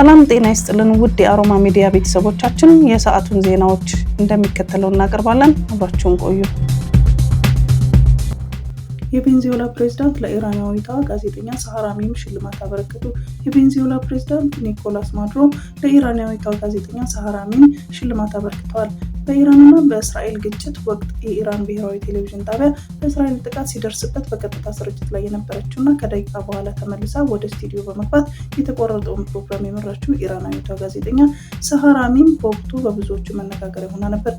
ሰላም ጤና ይስጥልን ውድ የአሮማ ሚዲያ ቤተሰቦቻችን፣ የሰዓቱን ዜናዎች እንደሚከተለው እናቀርባለን። አብራችሁን ቆዩ። የቬንዙዌላ ፕሬዝዳንት ለኢራናዊቷ ጋዜጠኛ ሳሃራ ሚም ሽልማት አበረከቱ። የቬንዙዌላ ፕሬዝዳንት ኒኮላስ ማድሮ ለኢራናዊቷ ጋዜጠኛ ሳሃራ ሚም ሽልማት አበርክተዋል። በኢራንና በእስራኤል ግጭት ወቅት የኢራን ብሔራዊ ቴሌቪዥን ጣቢያ በእስራኤል ጥቃት ሲደርስበት በቀጥታ ስርጭት ላይ የነበረችው እና ከደቂቃ በኋላ ተመልሳ ወደ ስቱዲዮ በመግባት የተቆረጠውን ፕሮግራም የመራችው ኢራናዊቷ ጋዜጠኛ ሰሃራሚን በወቅቱ በብዙዎቹ መነጋገሪያ ሆና ነበር።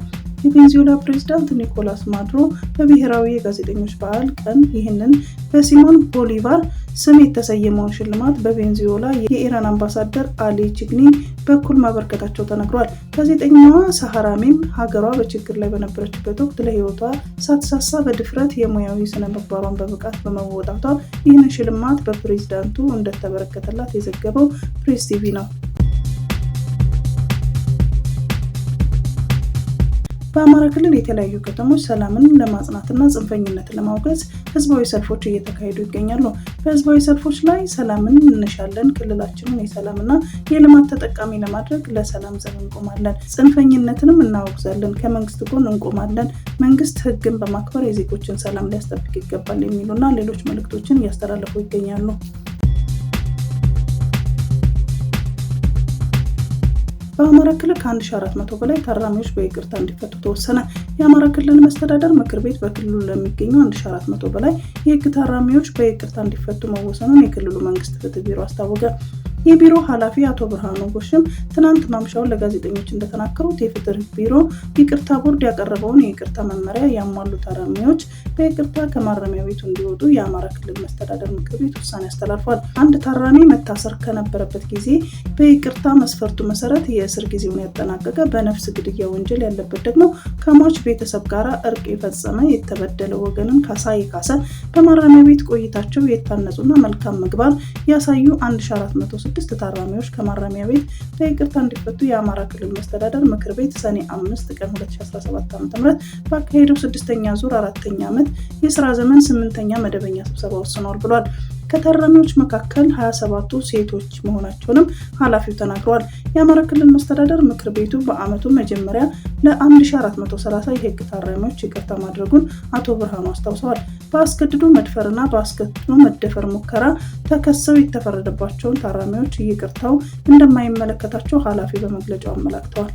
የቬንዙዌላ ፕሬዚዳንት ኒኮላስ ማዱሮ በብሔራዊ የጋዜጠኞች በዓል ቀን ይህንን በሲሞን ቦሊቫር ስም የተሰየመውን ሽልማት በቬንዙዌላ የኢራን አምባሳደር አሊ ቺግኒ በኩል ማበርከታቸው ተነግሯል። ጋዜጠኛዋ ሳሃራሚም ሀገሯ በችግር ላይ በነበረችበት ወቅት ለሕይወቷ ሳትሳሳ በድፍረት የሙያዊ ስነ ምግባሯን በብቃት በመወጣቷ ይህንን ሽልማት በፕሬዚዳንቱ እንደተበረከተላት የዘገበው ፕሬስ ቲቪ ነው። በአማራ ክልል የተለያዩ ከተሞች ሰላምን ለማጽናትና ጽንፈኝነትን ለማውገዝ ህዝባዊ ሰልፎች እየተካሄዱ ይገኛሉ። በህዝባዊ ሰልፎች ላይ ሰላምን እንሻለን፣ ክልላችንን የሰላምና የልማት ተጠቃሚ ለማድረግ ለሰላም ዘብ እንቆማለን፣ ጽንፈኝነትንም እናወግዛለን፣ ከመንግስት ጎን እንቆማለን፣ መንግስት ህግን በማክበር የዜጎችን ሰላም ሊያስጠብቅ ይገባል የሚሉና ሌሎች መልእክቶችን እያስተላለፉ ይገኛሉ። በአማራ ክልል ከ1400 በላይ ታራሚዎች በይቅርታ እንዲፈቱ ተወሰነ። የአማራ ክልል መስተዳደር ምክር ቤት በክልሉ ለሚገኙ 1400 በላይ የህግ ታራሚዎች በይቅርታ እንዲፈቱ መወሰኑን የክልሉ መንግስት ፍትህ ቢሮ አስታወቀ። የቢሮ ኃላፊ አቶ ብርሃኑ ጎሽም ትናንት ማምሻውን ለጋዜጠኞች እንደተናገሩት የፍትህ ቢሮ ይቅርታ ቦርድ ያቀረበውን የይቅርታ መመሪያ ያሟሉ ታራሚዎች በይቅርታ ከማረሚያ ቤቱ እንዲወጡ የአማራ ክልል መስተዳደር ምክር ቤት ውሳኔ አስተላልፏል። አንድ ታራሚ መታሰር ከነበረበት ጊዜ በይቅርታ መስፈርቱ መሰረት የእስር ጊዜውን ያጠናቀቀ፣ በነፍስ ግድያ ወንጀል ያለበት ደግሞ ከሟች ቤተሰብ ጋር እርቅ የፈጸመ፣ የተበደለ ወገንን ካሳ የካሰ፣ በማረሚያ ቤት ቆይታቸው የታነጹና መልካም ምግባር ያሳዩ 14 ስድስት ታራሚዎች ከማረሚያ ቤት በይቅርታ እንዲፈቱ የአማራ ክልል መስተዳደር ምክር ቤት ሰኔ አምስት ቀን 2017 ዓ.ም በአካሄደው ስድስተኛ ዙር አራተኛ ዓመት የስራ ዘመን ስምንተኛ መደበኛ ስብሰባ ወስኗል ብሏል። ከታራሚዎች መካከል 27ቱ ሴቶች መሆናቸውንም ኃላፊው ተናግረዋል። የአማራ ክልል መስተዳደር ምክር ቤቱ በዓመቱ መጀመሪያ ለ1430 የህግ ታራሚዎች ይቅርታ ማድረጉን አቶ ብርሃኑ አስታውሰዋል። በአስገድዶ መድፈርና በአስገድዶ መደፈር ሙከራ ተከሰው የተፈረደባቸውን ታራሚዎች ይቅርታው እንደማይመለከታቸው ኃላፊ በመግለጫው አመላክተዋል።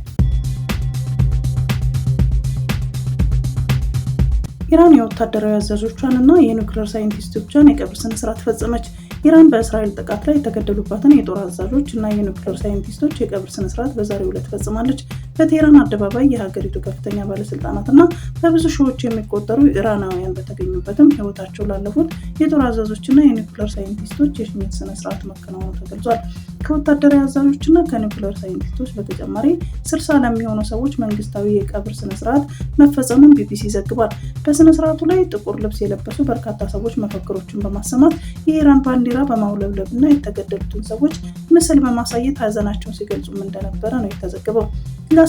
ኢራን የወታደራዊ አዛዦቿን እና የኒውክሌር ሳይንቲስቶቿን የቀብር ስነ ስርዓት ፈጸመች። ኢራን በእስራኤል ጥቃት ላይ የተገደሉባትን የጦር አዛዦች እና የኒውክሌር ሳይንቲስቶች የቀብር ስነስርዓት በዛሬው ዕለት ፈጽማለች። በቴህራን አደባባይ የሀገሪቱ ከፍተኛ ባለስልጣናትና በብዙ ሺዎች የሚቆጠሩ ኢራናውያን በተገኙበትም ህይወታቸው ላለፉት የጦር አዛዦችና የኒኩለር ሳይንቲስቶች የሽኝት ስነስርዓት መከናወኑ ተገልጿል። ከወታደራዊ አዛዦችና ከኒኩለር ሳይንቲስቶች በተጨማሪ ስልሳ ለሚሆኑ ሰዎች መንግስታዊ የቀብር ስነስርዓት መፈጸሙን ቢቢሲ ዘግቧል። በስነስርዓቱ ላይ ጥቁር ልብስ የለበሱ በርካታ ሰዎች መፈክሮችን በማሰማት የኢራን ባንዲራ በማውለብለብና የተገደሉትን ሰዎች ምስል በማሳየት ሀዘናቸውን ሲገልጹም እንደነበረ ነው የተዘገበው።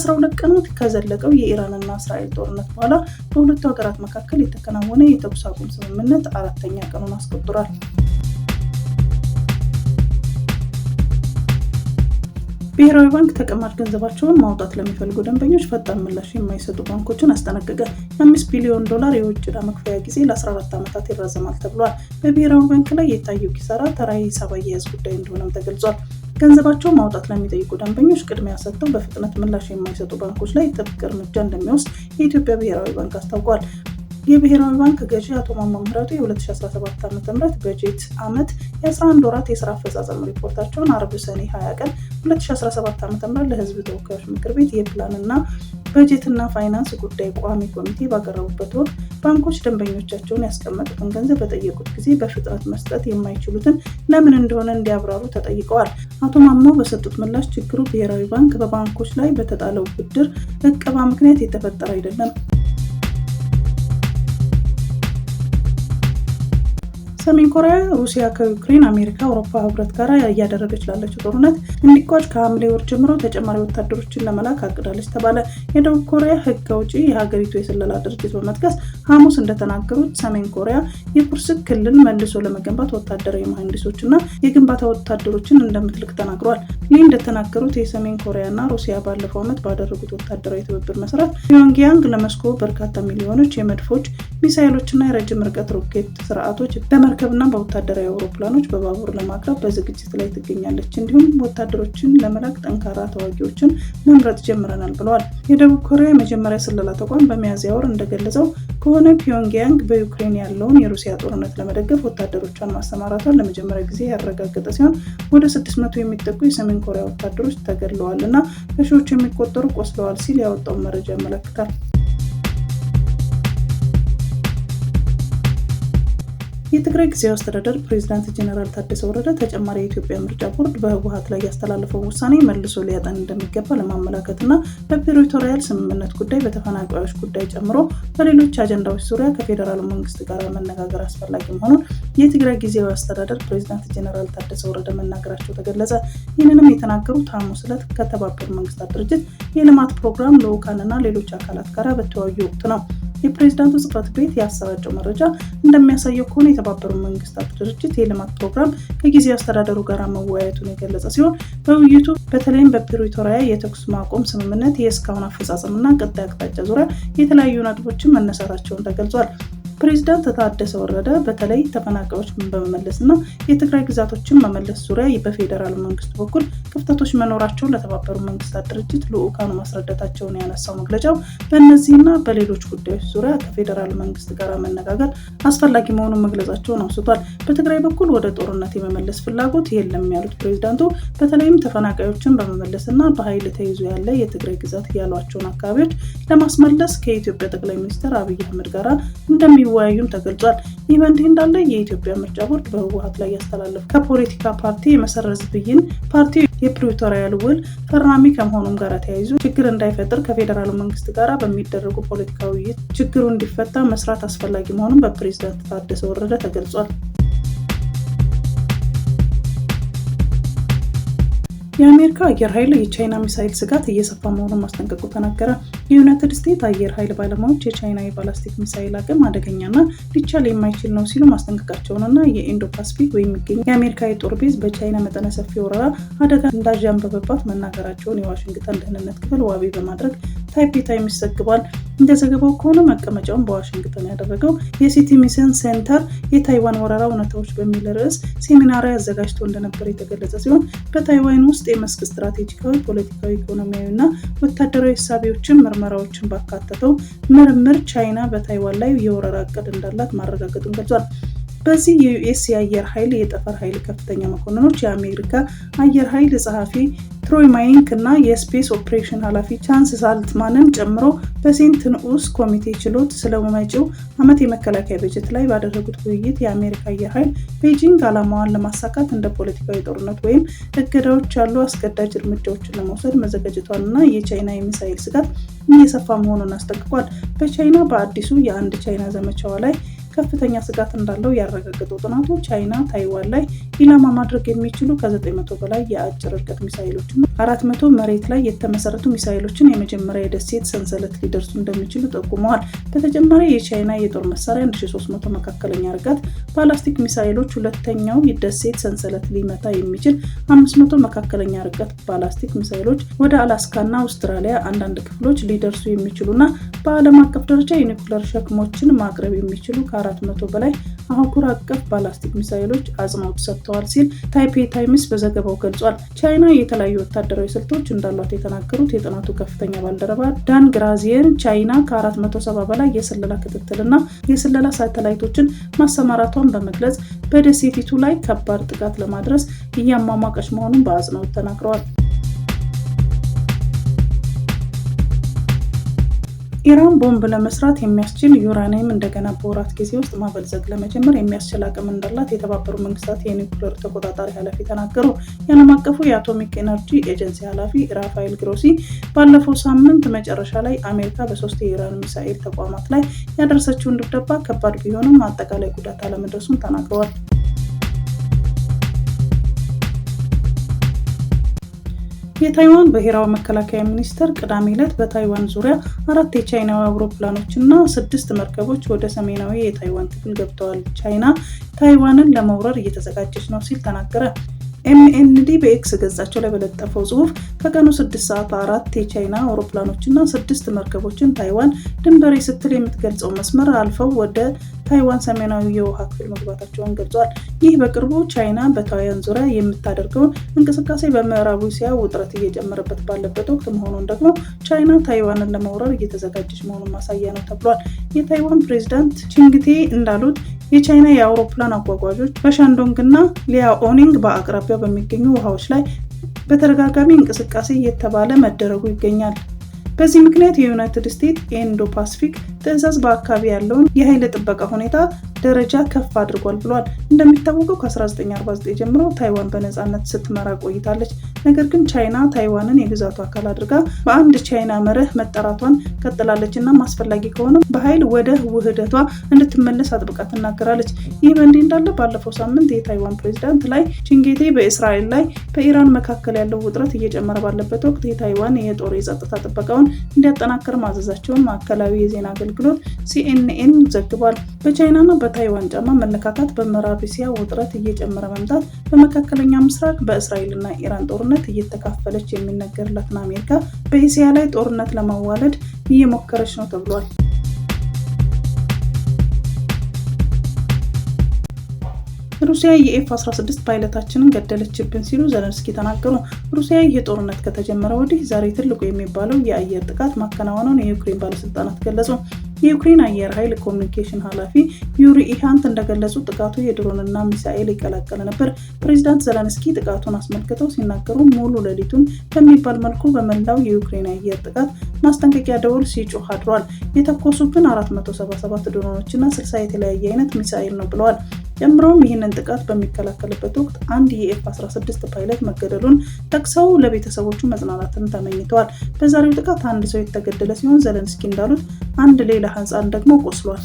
ለ12 ቀናት ከዘለቀው የኢራንና እስራኤል ጦርነት በኋላ በሁለቱ ሀገራት መካከል የተከናወነ የተኩስ አቁም ስምምነት አራተኛ ቀኑን አስቆጥሯል። ብሔራዊ ባንክ ተቀማጭ ገንዘባቸውን ማውጣት ለሚፈልጉ ደንበኞች ፈጣን ምላሽ የማይሰጡ ባንኮችን አስጠነቀቀ። የአምስት ቢሊዮን ዶላር የውጭ ዕዳ መክፈያ ጊዜ ለ14 ዓመታት ይራዘማል ተብሏል። በብሔራዊ ባንክ ላይ የታየው ኪሳራ ተራ የሂሳብ አያያዝ ጉዳይ እንደሆነም ተገልጿል። ገንዘባቸው ማውጣት ለሚጠይቁ ደንበኞች ቅድሚያ ሰጥተው በፍጥነት ምላሽ የማይሰጡ ባንኮች ላይ ጥብቅ እርምጃ እንደሚወስድ የኢትዮጵያ ብሔራዊ ባንክ አስታውቋል። የብሔራዊ ባንክ ገዢ አቶ ማሞ ምህረቱ የ2017 ዓ ም በጀት ዓመት የ11 ወራት የስራ አፈጻጸም ሪፖርታቸውን አርብ ሰኔ 20 ቀን 2017 ዓ ም ለህዝብ ተወካዮች ምክር ቤት የፕላንና በጀትና ፋይናንስ ጉዳይ ቋሚ ኮሚቴ ባቀረቡበት ወቅት ባንኮች ደንበኞቻቸውን ያስቀመጡትን ገንዘብ በጠየቁት ጊዜ በፍጥነት መስጠት የማይችሉትን ለምን እንደሆነ እንዲያብራሩ ተጠይቀዋል። አቶ ማሞ በሰጡት ምላሽ ችግሩ ብሔራዊ ባንክ በባንኮች ላይ በተጣለው ብድር እቀባ ምክንያት የተፈጠረ አይደለም ሰሜን ኮሪያ ሩሲያ ከዩክሬን፣ አሜሪካ፣ አውሮፓ ህብረት ጋር እያደረገች ላለችው ጦርነት እንዲቋጭ ከሐምሌ ወር ጀምሮ ተጨማሪ ወታደሮችን ለመላክ አቅዳለች ተባለ። የደቡብ ኮሪያ ህግ አውጪ የሀገሪቱ የስለላ ድርጅት በመጥቀስ ሐሙስ እንደተናገሩት ሰሜን ኮሪያ የኩርስክ ክልል መልሶ ለመገንባት ወታደራዊ መሐንዲሶች የግንባታ ወታደሮችን እንደምትልክ ተናግረዋል። ይህ እንደተናገሩት የሰሜን ኮሪያና ሩሲያ ባለፈው ዓመት ባደረጉት ወታደራዊ ትብብር መሰረት ፒዮንግያንግ ለመስኮ በርካታ ሚሊዮኖች የመድፎች ሚሳይሎችና የረጅም ርቀት ሮኬት ስርዓቶች በመርከብ እና በወታደራዊ አውሮፕላኖች በባቡር ለማቅረብ በዝግጅት ላይ ትገኛለች። እንዲሁም ወታደሮችን ለመላክ ጠንካራ ተዋጊዎችን መምረጥ ጀምረናል ብለዋል። የደቡብ ኮሪያ የመጀመሪያ ስለላ ተቋም በሚያዝያ ወር እንደገለጸው ከሆነ ፒዮንግያንግ በዩክሬን ያለውን የሩሲያ ጦርነት ለመደገፍ ወታደሮቿን ማሰማራቷን ለመጀመሪያ ጊዜ ያረጋገጠ ሲሆን ወደ 600 የሚጠጉ የሰሜን ኮሪያ ወታደሮች ተገድለዋል እና በሺዎች የሚቆጠሩ ቆስለዋል ሲል ያወጣውን መረጃ ያመለክታል። የትግራይ ጊዜያዊ አስተዳደር ፕሬዚዳንት ጀኔራል ታደሰ ወረደ ተጨማሪ የኢትዮጵያ ምርጫ ቦርድ በህወሀት ላይ ያስተላለፈው ውሳኔ መልሶ ሊያጠን እንደሚገባ ለማመላከትና በፕሪቶሪያል ስምምነት ጉዳይ፣ በተፈናቃዮች ጉዳይ ጨምሮ በሌሎች አጀንዳዎች ዙሪያ ከፌዴራሉ መንግስት ጋር መነጋገር አስፈላጊ መሆኑን የትግራይ ጊዜያዊ አስተዳደር ፕሬዚዳንት ጀኔራል ታደሰ ወረደ መናገራቸው ተገለጸ። ይህንንም የተናገሩት ሐሙስ ዕለት ከተባበሩት መንግስታት ድርጅት የልማት ፕሮግራም ልዑካንና ሌሎች አካላት ጋር በተወያዩ ወቅት ነው። የፕሬዚዳንቱ ጽህፈት ቤት ያሰራጨው መረጃ እንደሚያሳየው ከሆነ የተባበሩት መንግስታት ድርጅት የልማት ፕሮግራም ከጊዜ አስተዳደሩ ጋር መወያየቱን የገለጸ ሲሆን በውይይቱ በተለይም በፕሪቶሪያ የተኩስ ማቆም ስምምነት የእስካሁን አፈጻጸምና ቀጣይ አቅጣጫ ዙሪያ የተለያዩ ነጥቦችን መነሳታቸውን ተገልጿል። ፕሬዚዳንት ታደሰ ወረደ በተለይ ተፈናቃዮችን በመመለስና የትግራይ ግዛቶችን መመለስ ዙሪያ በፌዴራል መንግስት በኩል ክፍተቶች መኖራቸውን ለተባበሩ መንግስታት ድርጅት ልዑካኑ ማስረዳታቸውን ያነሳው መግለጫው በእነዚህና በሌሎች ጉዳዮች ዙሪያ ከፌዴራል መንግስት ጋር መነጋገር አስፈላጊ መሆኑን መግለጻቸውን አውስቷል። በትግራይ በኩል ወደ ጦርነት የመመለስ ፍላጎት የለም ያሉት ፕሬዚዳንቱ በተለይም ተፈናቃዮችን በመመለስና በኃይል ተይዞ ያለ የትግራይ ግዛት ያሏቸውን አካባቢዎች ለማስመለስ ከኢትዮጵያ ጠቅላይ ሚኒስትር አብይ አህመድ ጋራ እንደሚ እንዲወያዩም ተገልጿል። ይህ በእንዲህ እንዳለ የኢትዮጵያ ምርጫ ቦርድ በህወሀት ላይ ያስተላለፈ ከፖለቲካ ፓርቲ የመሰረዝ ብይን ፓርቲው የፕሪቶሪያ ውል ፈራሚ ከመሆኑም ጋር ተያይዞ ችግር እንዳይፈጥር ከፌዴራሉ መንግስት ጋር በሚደረጉ ፖለቲካ ውይይት ችግሩ እንዲፈታ መስራት አስፈላጊ መሆኑን በፕሬዚዳንት ታደሰ ወረደ ተገልጿል። የአሜሪካ አየር ኃይል የቻይና ሚሳይል ስጋት እየሰፋ መሆኑን ማስጠንቀቁ ተናገረ። የዩናይትድ ስቴትስ አየር ኃይል ባለሙያዎች የቻይና የባላስቲክ ሚሳይል አቅም አደገኛና ሊቻል የማይችል ነው ሲሉ ማስጠንቀቃቸውንና የኢንዶ ፓስፊክ የሚገኝ የአሜሪካ የጦር ቤዝ በቻይና መጠነ ሰፊ ወረራ አደጋ እንዳዣንበበባት መናገራቸውን የዋሽንግተን ደህንነት ክፍል ዋቢ በማድረግ ታይፒ ይዘግባል። እንደ እንደዘገበው ከሆነ መቀመጫውን በዋሽንግተን ያደረገው የሲቲ የሲቲሚሰን ሴንተር የታይዋን ወረራ እውነታዎች በሚል ርዕስ ሴሚናሪ አዘጋጅቶ እንደነበር የተገለጸ ሲሆን በታይዋን ውስጥ የመስክ ስትራቴጂካዊ፣ ፖለቲካዊ፣ ኢኮኖሚያዊና ወታደራዊ ሳቢዎችን ምርመራዎችን ባካተተው ምርምር ቻይና በታይዋን ላይ የወረራ እቅድ እንዳላት ማረጋገጡን ገልጿል። በዚህ የዩኤስ የአየር ኃይል የጠፈር ኃይል ከፍተኛ መኮንኖች የአሜሪካ አየር ኃይል ጸሐፊ ትሮይ ማይንክ እና የስፔስ ኦፕሬሽን ኃላፊ ቻንስ ሳልትማንን ጨምሮ በሴንት ንዑስ ኮሚቴ ችሎት ስለመጪው ዓመት የመከላከያ በጀት ላይ ባደረጉት ውይይት የአሜሪካ አየር ኃይል ቤጂንግ ዓላማዋን ለማሳካት እንደ ፖለቲካዊ ጦርነት ወይም እገዳዎች ያሉ አስገዳጅ እርምጃዎችን ለመውሰድ መዘጋጀቷን እና የቻይና የሚሳይል ስጋት እየሰፋ መሆኑን አስጠንቅቋል። በቻይና በአዲሱ የአንድ ቻይና ዘመቻዋ ላይ ከፍተኛ ስጋት እንዳለው ያረጋገጡ ጥናቶች ቻይና ታይዋን ላይ ኢላማ ማድረግ የሚችሉ ከ900 በላይ የአጭር ርቀት ሚሳይሎችና 400 መሬት ላይ የተመሰረቱ ሚሳይሎችን የመጀመሪያ የደሴት ሰንሰለት ሊደርሱ እንደሚችሉ ጠቁመዋል። በተጨማሪ የቻይና የጦር መሳሪያ 1300 መካከለኛ እርቀት ባላስቲክ ሚሳይሎች ሁለተኛው የደሴት ሰንሰለት ሊመታ የሚችል 500 መካከለኛ ርቀት ባላስቲክ ሚሳይሎች ወደ አላስካና አውስትራሊያ አንዳንድ ክፍሎች ሊደርሱ የሚችሉና በዓለም አቀፍ ደረጃ የኒኩለር ሸክሞችን ማቅረብ የሚችሉ ከ ከአራት መቶ በላይ አህጉር አቀፍ ባላስቲክ ሚሳይሎች አጽንኦት ሰጥተዋል ሲል ታይፔ ታይምስ በዘገባው ገልጿል። ቻይና የተለያዩ ወታደራዊ ስልቶች እንዳሏት የተናገሩት የጥናቱ ከፍተኛ ባልደረባ ዳን ግራዚየን ቻይና ከ470 በላይ የስለላ ክትትልና የስለላ ሳተላይቶችን ማሰማራቷን በመግለጽ በደሴቲቱ ላይ ከባድ ጥቃት ለማድረስ እያሟሟቀች መሆኑን በአጽንኦት ተናግረዋል። ኢራን ቦምብ ለመስራት የሚያስችል ዩራኒየም እንደገና በወራት ጊዜ ውስጥ ማበልጸግ ለመጀመር የሚያስችል አቅም እንዳላት የተባበሩት መንግስታት የኒውክሌር ተቆጣጣሪ ኃላፊ ተናገሩ። የዓለም አቀፉ የአቶሚክ ኤነርጂ ኤጀንሲ ኃላፊ ራፋኤል ግሮሲ ባለፈው ሳምንት መጨረሻ ላይ አሜሪካ በሶስት የኢራን ሚሳኤል ተቋማት ላይ ያደረሰችውን ድብደባ ከባድ ቢሆንም አጠቃላይ ጉዳት አለመድረሱን ተናግረዋል። የታይዋን ብሔራዊ መከላከያ ሚኒስቴር ቅዳሜ ዕለት በታይዋን ዙሪያ አራት የቻይና አውሮፕላኖች እና ስድስት መርከቦች ወደ ሰሜናዊ የታይዋን ክፍል ገብተዋል፣ ቻይና ታይዋንን ለመውረር እየተዘጋጀች ነው ሲል ተናገረ። ኤምኤንዲ በኤክስ ገጻቸው ላይ በለጠፈው ጽሁፍ ከቀኑ 6 ሰዓት አራት የቻይና አውሮፕላኖችና ስድስት መርከቦችን ታይዋን ድንበሬ ስትል የምትገልጸው መስመር አልፈው ወደ ታይዋን ሰሜናዊ የውሃ ክፍል መግባታቸውን ገልጿል። ይህ በቅርቡ ቻይና በታይዋን ዙሪያ የምታደርገውን እንቅስቃሴ በምዕራብ እስያ ውጥረት እየጨመረበት ባለበት ወቅት መሆኑን ደግሞ ቻይና ታይዋንን ለመውረር እየተዘጋጀች መሆኑን ማሳያ ነው ተብሏል። የታይዋን ፕሬዚዳንት ቺንግቴ እንዳሉት የቻይና የአውሮፕላን አጓጓዦች እና ሊያኦኒንግ በአቅራቢያው በሚገኙ ውሃዎች ላይ በተደጋጋሚ እንቅስቃሴ እየተባለ መደረጉ ይገኛል። በዚህ ምክንያት የዩናይትድ ስቴትስ ኢንዶ ፓሲፊክ ትዕዛዝ በአካባቢ ያለውን የኃይል ጥበቃ ሁኔታ ደረጃ ከፍ አድርጓል ብሏል። እንደሚታወቀው ከ1949 ጀምሮ ታይዋን በነፃነት ስትመራ ቆይታለች። ነገር ግን ቻይና ታይዋንን የግዛቱ አካል አድርጋ በአንድ ቻይና መርህ መጠራቷን ቀጥላለች እና አስፈላጊ ከሆነ በኃይል ወደ ውህደቷ እንድትመለስ አጥብቃ ትናገራለች። ይህ በእንዲህ እንዳለ ባለፈው ሳምንት የታይዋን ፕሬዚዳንት ላይ ቺንጌቴ በእስራኤል ላይ በኢራን መካከል ያለው ውጥረት እየጨመረ ባለበት ወቅት የታይዋን የጦር የጸጥታ ጥበቃውን እንዲያጠናክር ማዘዛቸውን ማዕከላዊ የዜና አገልግሎት ሲኤንኤን ዘግቧል። በቻይናና በታይዋን ጫማ መነካካት በምዕራብ እስያ ውጥረት እየጨመረ መምጣት፣ በመካከለኛ ምስራቅ በእስራኤልና ኢራን ጦርነት እየተካፈለች የሚነገርላትን አሜሪካ በእስያ ላይ ጦርነት ለማዋለድ እየሞከረች ነው ተብሏል። ሩሲያ የኤፍ 16 ፓይለታችንን ገደለችብን ሲሉ ዘለንስኪ ተናገሩ። ሩሲያ ይህ ጦርነት ከተጀመረ ወዲህ ዛሬ ትልቁ የሚባለው የአየር ጥቃት ማከናወነውን የዩክሬን ባለስልጣናት ገለጹ። የዩክሬን አየር ኃይል ኮሚኒኬሽን ኃላፊ ዩሪ ኢሃንት እንደገለጹ ጥቃቱ የድሮንና ሚሳኤል ይቀላቀለ ነበር። ፕሬዚዳንት ዘለንስኪ ጥቃቱን አስመልክተው ሲናገሩ ሙሉ ሌሊቱን በሚባል መልኩ በመላው የዩክሬን አየር ጥቃት ማስጠንቀቂያ ደወል ሲጮህ አድሯል። የተኮሱብን 477 ድሮኖችና 60 የተለያየ አይነት ሚሳኤል ነው ብለዋል። ጨምረውም ይህንን ጥቃት በሚከላከልበት ወቅት አንድ የኤፍ 16 ፓይለት መገደሉን ጠቅሰው ለቤተሰቦቹ መጽናናትን ተመኝተዋል። በዛሬው ጥቃት አንድ ሰው የተገደለ ሲሆን ዘለንስኪ እንዳሉት አንድ ሌላ ሕፃን ደግሞ ቆስሏል።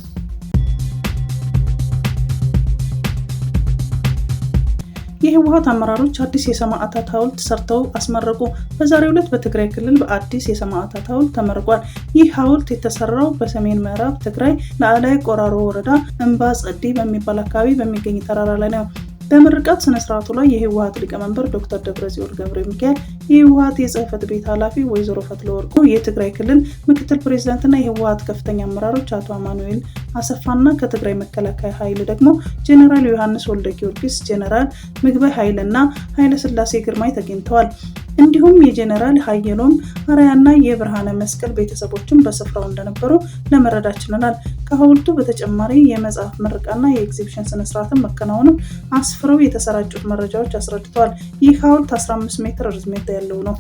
የህወሀት አመራሮች አዲስ የሰማዕታት ሐውልት ሰርተው አስመረቁ። በዛሬው ዕለት በትግራይ ክልል በአዲስ የሰማዕታት ሐውልት ተመርቋል። ይህ ሐውልት የተሰራው በሰሜን ምዕራብ ትግራይ ላዕላይ ቆራሮ ወረዳ እምባ ጸዲ በሚባል አካባቢ በሚገኝ ተራራ ላይ ነው። በምርቃት ስነስርዓቱ ላይ የህወሀት ሊቀመንበር ዶክተር ደብረጽዮን ገብረ ሚካኤል የህወሀት የጽህፈት ቤት ኃላፊ ወይዘሮ ፈትለ ወርቁ፣ የትግራይ ክልል ምክትል ፕሬዚዳንትና የህወሀት ከፍተኛ አመራሮች አቶ አማኑኤል አሰፋና ከትግራይ መከላከያ ኃይል ደግሞ ጀኔራል ዮሐንስ ወልደ ጊዮርጊስ፣ ጀኔራል ምግባይ ኃይልና ኃይለ ስላሴ ግርማይ ተገኝተዋል። እንዲሁም የጀኔራል ሀየሎም አርያና የብርሃነ መስቀል ቤተሰቦችን በስፍራው እንደነበሩ ለመረዳት ችለናል። ከሀውልቱ በተጨማሪ የመጽሐፍ ምረቃና የኤግዚቢሽን ስነስርዓትን መከናወንም አስፍረው የተሰራጩት መረጃዎች አስረድተዋል። ይህ ሐውልት 15 ሜትር ርዝሜት del Uno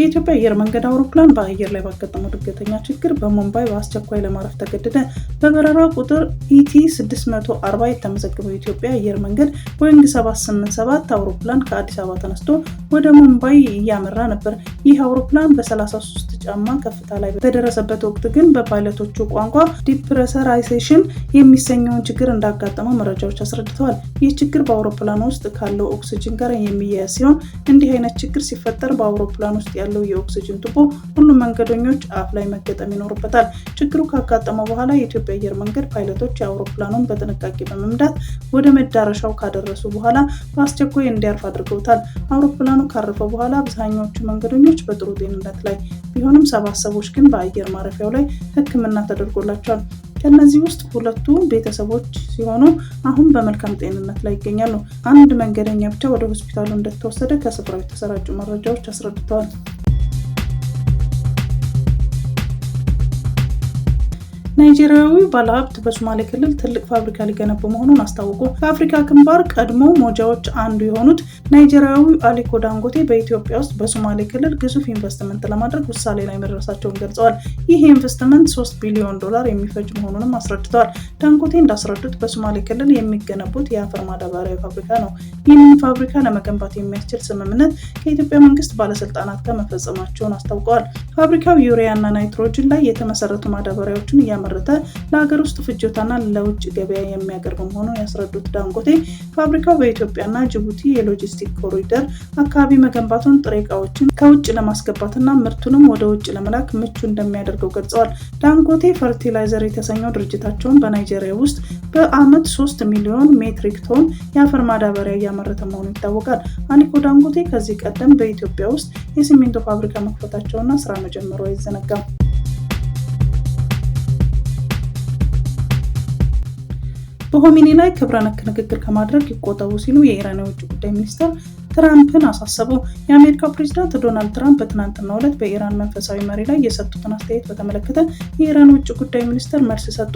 የኢትዮጵያ አየር መንገድ አውሮፕላን በአየር ላይ ባጋጠመው ድንገተኛ ችግር በሙምባይ በአስቸኳይ ለማረፍ ተገደደ። በበረራ ቁጥር ኢቲ 640 የተመዘገበው የኢትዮጵያ አየር መንገድ ቦይንግ 787 አውሮፕላን ከአዲስ አበባ ተነስቶ ወደ ሙምባይ እያመራ ነበር። ይህ አውሮፕላን በ33 ጫማ ከፍታ ላይ በደረሰበት ወቅት ግን በፓይለቶቹ ቋንቋ ዲፕሬሰራይዜሽን የሚሰኘውን ችግር እንዳጋጠመው መረጃዎች አስረድተዋል። ይህ ችግር በአውሮፕላን ውስጥ ካለው ኦክሲጅን ጋር የሚያያዝ ሲሆን እንዲህ አይነት ችግር ሲፈጠር በአውሮፕላን ውስጥ ያለ ያለው የኦክሲጅን ቱቦ ሁሉም መንገደኞች አፍ ላይ መገጠም ይኖርበታል። ችግሩ ካጋጠመው በኋላ የኢትዮጵያ አየር መንገድ ፓይለቶች የአውሮፕላኑን በጥንቃቄ በመምዳት ወደ መዳረሻው ካደረሱ በኋላ በአስቸኳይ እንዲያርፍ አድርገውታል። አውሮፕላኑ ካረፈ በኋላ አብዛኛዎቹ መንገደኞች በጥሩ ጤንነት ላይ ቢሆንም ሰባት ሰዎች ግን በአየር ማረፊያው ላይ ሕክምና ተደርጎላቸዋል። ከእነዚህ ውስጥ ሁለቱ ቤተሰቦች ሲሆኑ አሁን በመልካም ጤንነት ላይ ይገኛሉ። አንድ መንገደኛ ብቻ ወደ ሆስፒታሉ እንደተወሰደ ከስፍራው የተሰራጩ መረጃዎች አስረድተዋል። ናይጄሪያዊ ባለሀብት በሶማሌ ክልል ትልቅ ፋብሪካ ሊገነቡ መሆኑን አስታወቁ። ከአፍሪካ ግንባር ቀድሞ ሞጃዎች አንዱ የሆኑት ናይጄሪያዊ አሊኮ ዳንጎቴ በኢትዮጵያ ውስጥ በሶማሌ ክልል ግዙፍ ኢንቨስትመንት ለማድረግ ውሳኔ ላይ መድረሳቸውን ገልጸዋል። ይህ ኢንቨስትመንት 3 ቢሊዮን ዶላር የሚፈጅ መሆኑንም አስረድተዋል። ዳንጎቴ እንዳስረዱት በሶማሌ ክልል የሚገነቡት የአፈር ማዳበሪያ ፋብሪካ ነው። ይህንን ፋብሪካ ለመገንባት የሚያስችል ስምምነት ከኢትዮጵያ መንግስት ባለስልጣናት ጋር መፈጸማቸውን አስታውቀዋል። ፋብሪካው ዩሪያና ናይትሮጅን ላይ የተመሰረቱ ማዳበሪያዎችን እያመ እያመረተ ለሀገር ውስጥ ፍጆታና ለውጭ ገበያ የሚያቀርብ መሆኑን ያስረዱት ዳንጎቴ ፋብሪካው በኢትዮጵያና ጅቡቲ የሎጂስቲክ ኮሪደር አካባቢ መገንባቱን ጥሬ እቃዎችን ከውጭ ለማስገባትና ምርቱንም ወደ ውጭ ለመላክ ምቹ እንደሚያደርገው ገልጸዋል። ዳንጎቴ ፈርቲላይዘር የተሰኘው ድርጅታቸውን በናይጄሪያ ውስጥ በአመት ሶስት ሚሊዮን ሜትሪክ ቶን የአፈር ማዳበሪያ እያመረተ መሆኑ ይታወቃል። አኒኮ ዳንጎቴ ከዚህ ቀደም በኢትዮጵያ ውስጥ የሲሚንቶ ፋብሪካ መክፈታቸውና ስራ መጀመሩ አይዘነጋም። በሆሚኒ ላይ ክብረ ነክ ንግግር ከማድረግ ይቆጠቡ ሲሉ የኢራን የውጭ ጉዳይ ሚኒስትር ትራምፕን አሳሰቡ። የአሜሪካው ፕሬዚዳንት ዶናልድ ትራምፕ በትናንትናው ዕለት በኢራን መንፈሳዊ መሪ ላይ የሰጡትን አስተያየት በተመለከተ የኢራን ውጭ ጉዳይ ሚኒስትር መልስ ሰጡ።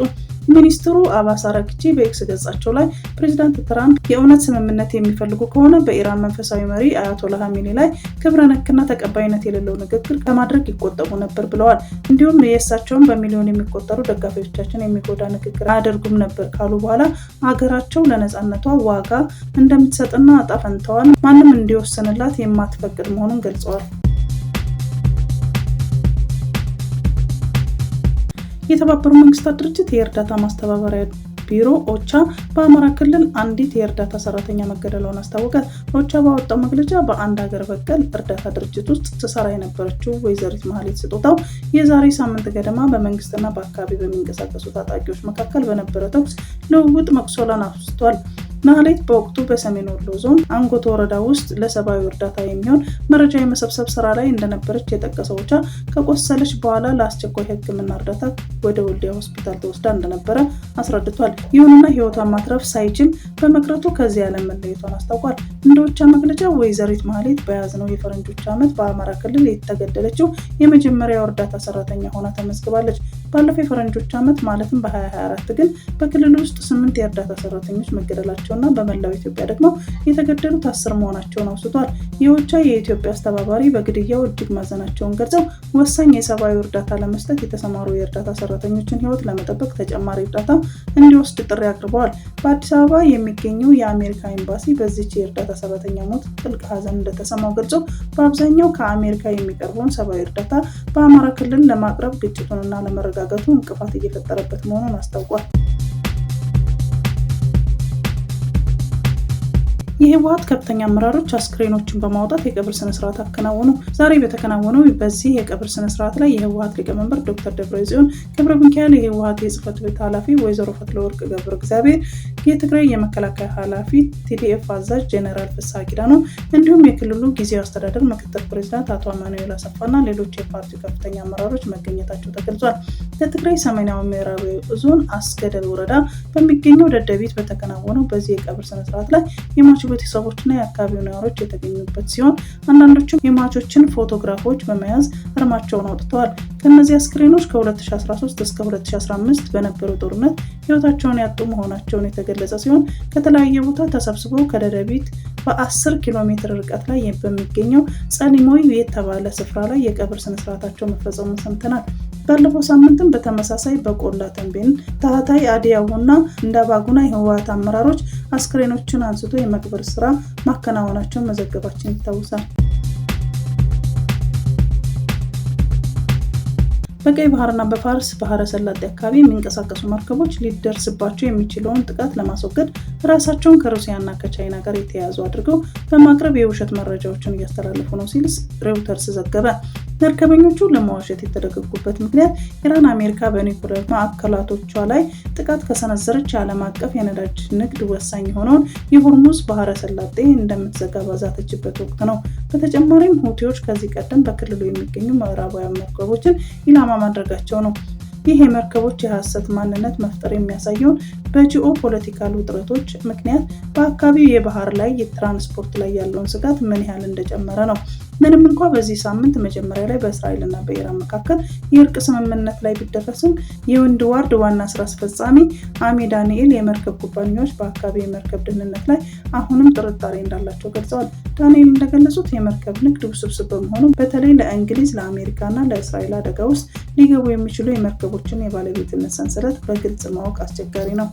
ሚኒስትሩ አባስ አራግቺ በኤክስ ገጻቸው ላይ ፕሬዚዳንት ትራምፕ የእውነት ስምምነት የሚፈልጉ ከሆነ በኢራን መንፈሳዊ መሪ አያቶላ ሀሜኒ ላይ ክብረ ነክና ተቀባይነት የሌለው ንግግር ከማድረግ ይቆጠቡ ነበር ብለዋል። እንዲሁም የእሳቸውን በሚሊዮን የሚቆጠሩ ደጋፊዎቻችን የሚጎዳ ንግግር አያደርጉም ነበር ካሉ በኋላ አገራቸው ለነፃነቷ ዋጋ እንደምትሰጥና አጣፈንተዋን ማንም እንዲወስንላት የማትፈቅድ መሆኑን ገልጸዋል። የተባበሩ መንግስታት ድርጅት የእርዳታ ማስተባበሪያ ቢሮ ኦቻ በአማራ ክልል አንዲት የእርዳታ ሰራተኛ መገደላውን አስታወቀ። ኦቻ ባወጣው መግለጫ በአንድ ሀገር በቀል እርዳታ ድርጅት ውስጥ ትሰራ የነበረችው ወይዘሪት መሀሌት ስጦታው የዛሬ ሳምንት ገደማ በመንግስትና በአካባቢ በሚንቀሳቀሱ ታጣቂዎች መካከል በነበረ ተኩስ ልውውጥ መቁሰሏን አውስቷል። ማህሌት በወቅቱ በሰሜን ወሎ ዞን አንጎቶ ወረዳ ውስጥ ለሰብአዊ እርዳታ የሚሆን መረጃ የመሰብሰብ ስራ ላይ እንደነበረች የጠቀሰው ውቻ ከቆሰለች በኋላ ለአስቸኳይ ሕክምና እርዳታ ወደ ወልዲያ ሆስፒታል ተወስዳ እንደነበረ አስረድቷል። ይሁንና ህይወቷን ማትረፍ ሳይችል በመቅረቱ ከዚህ ዓለም መለየቷን አስታውቋል። እንደ ኦቻ መግለጫ ወይዘሪት ናህሌት በያዝነው የፈረንጆች ዓመት በአማራ ክልል የተገደለችው የመጀመሪያው እርዳታ ሰራተኛ ሆና ተመዝግባለች። ባለፈው የፈረንጆች ዓመት ማለትም በ2024 ግን በክልል ውስጥ ስምንት የእርዳታ ሰራተኞች መገደላቸው መሆናቸውና በመላው ኢትዮጵያ ደግሞ የተገደሉት አስር መሆናቸውን አውስቷል። የኦቻ የኢትዮጵያ አስተባባሪ በግድያው እጅግ ማዘናቸውን ገልጸው ወሳኝ የሰብአዊ እርዳታ ለመስጠት የተሰማሩ የእርዳታ ሰራተኞችን ሕይወት ለመጠበቅ ተጨማሪ እርዳታ እንዲወስድ ጥሪ አቅርበዋል። በአዲስ አበባ የሚገኘው የአሜሪካ ኤምባሲ በዚች የእርዳታ ሰራተኛ ሞት ጥልቅ ሀዘን እንደተሰማው ገልጾ በአብዛኛው ከአሜሪካ የሚቀርበውን ሰብአዊ እርዳታ በአማራ ክልል ለማቅረብ ግጭቱንና ለመረጋጋቱ እንቅፋት እየፈጠረበት መሆኑን አስታውቋል። የህወሀት ከፍተኛ አመራሮች አስክሬኖችን በማውጣት የቀብር ስነስርዓት አከናወኑ። ዛሬ በተከናወነው በዚህ የቀብር ስነስርዓት ላይ የህወሀት ሊቀመንበር ዶክተር ደብረ ጽዮን ገብረ ሚካኤል፣ የህወሀት የጽህፈት ቤት ኃላፊ ወይዘሮ ፈትለወርቅ ገብረ እግዚአብሔር፣ የትግራይ የመከላከያ ኃላፊ ቲዲኤፍ አዛዥ ጄኔራል ፍስሐ ኪዳኑ እንዲሁም የክልሉ ጊዜያዊ አስተዳደር ምክትል ፕሬዚዳንት አቶ አማኑኤል አሰፋና ሌሎች የፓርቲው ከፍተኛ አመራሮች መገኘታቸው ተገልጿል። ለትግራይ ሰሜናዊ ምዕራባዊ ዞን አስገደል ወረዳ በሚገኘው ደደቢት በተከናወነው በዚህ የቀብር ስነስርዓት ላይ የሟቹ ቤተሰቦችና የአካባቢው ነዋሪዎች የተገኙበት ሲሆን አንዳንዶቹም የሟቾችን ፎቶግራፎች በመያዝ እርማቸውን አውጥተዋል። ከእነዚህ አስክሬኖች ከ2013 እስከ 2015 በነበረው ጦርነት ህይወታቸውን ያጡ መሆናቸውን የተገለጸ ሲሆን ከተለያየ ቦታ ተሰብስቦ ከደደቢት በ10 ኪሎ ሜትር ርቀት ላይ በሚገኘው ጸሊሞይ የተባለ ስፍራ ላይ የቀብር ስነስርዓታቸው መፈጸሙን ሰምተናል። ባለፈው ሳምንትም በተመሳሳይ በቆላ ተንቤን ታህታይ አዲያውና እንደ ባጉና አመራሮች አስክሬኖችን አንስቶ የመቅበር ስራ ማከናወናቸውን መዘገባችን ይታወሳል። በቀይ ባህርና በፋርስ ባህረ ሰላጤ አካባቢ የሚንቀሳቀሱ መርከቦች ሊደርስባቸው የሚችለውን ጥቃት ለማስወገድ ራሳቸውን ከሩሲያና ከቻይና ጋር የተያያዙ አድርገው በማቅረብ የውሸት መረጃዎችን እያስተላለፉ ነው ሲል ሬውተርስ ዘገበ። መርከበኞቹ ለመዋሸት የተደገጉበት ምክንያት ኢራን አሜሪካ በኒኩለር ማዕከላቶቿ ላይ ጥቃት ከሰነዘረች የዓለም አቀፍ የነዳጅ ንግድ ወሳኝ የሆነውን የሆርሙዝ ባህረ ሰላጤ እንደምትዘጋ ባዛተችበት ወቅት ነው። በተጨማሪም ሁቲዎች ከዚህ ቀደም በክልሉ የሚገኙ ምዕራባውያን መርከቦችን ኢላማ ማድረጋቸው ነው። ይህ የመርከቦች የሐሰት ማንነት መፍጠር የሚያሳየውን በጂኦ ፖለቲካል ውጥረቶች ምክንያት በአካባቢው የባህር ላይ የትራንስፖርት ላይ ያለውን ስጋት ምን ያህል እንደጨመረ ነው። ምንም እንኳ በዚህ ሳምንት መጀመሪያ ላይ በእስራኤልና በኢራን መካከል የእርቅ ስምምነት ላይ ቢደረስም የወንድ ዋርድ ዋና ስራ አስፈጻሚ አሚ ዳንኤል የመርከብ ኩባንያዎች በአካባቢ የመርከብ ደህንነት ላይ አሁንም ጥርጣሬ እንዳላቸው ገልጸዋል። ዳንኤል እንደገለጹት የመርከብ ንግድ ውስብስብ በመሆኑ በተለይ ለእንግሊዝ፣ ለአሜሪካና ለእስራኤል አደጋ ውስጥ ሊገቡ የሚችሉ የመርከቦችን የባለቤትነት ሰንሰለት በግልጽ ማወቅ አስቸጋሪ ነው።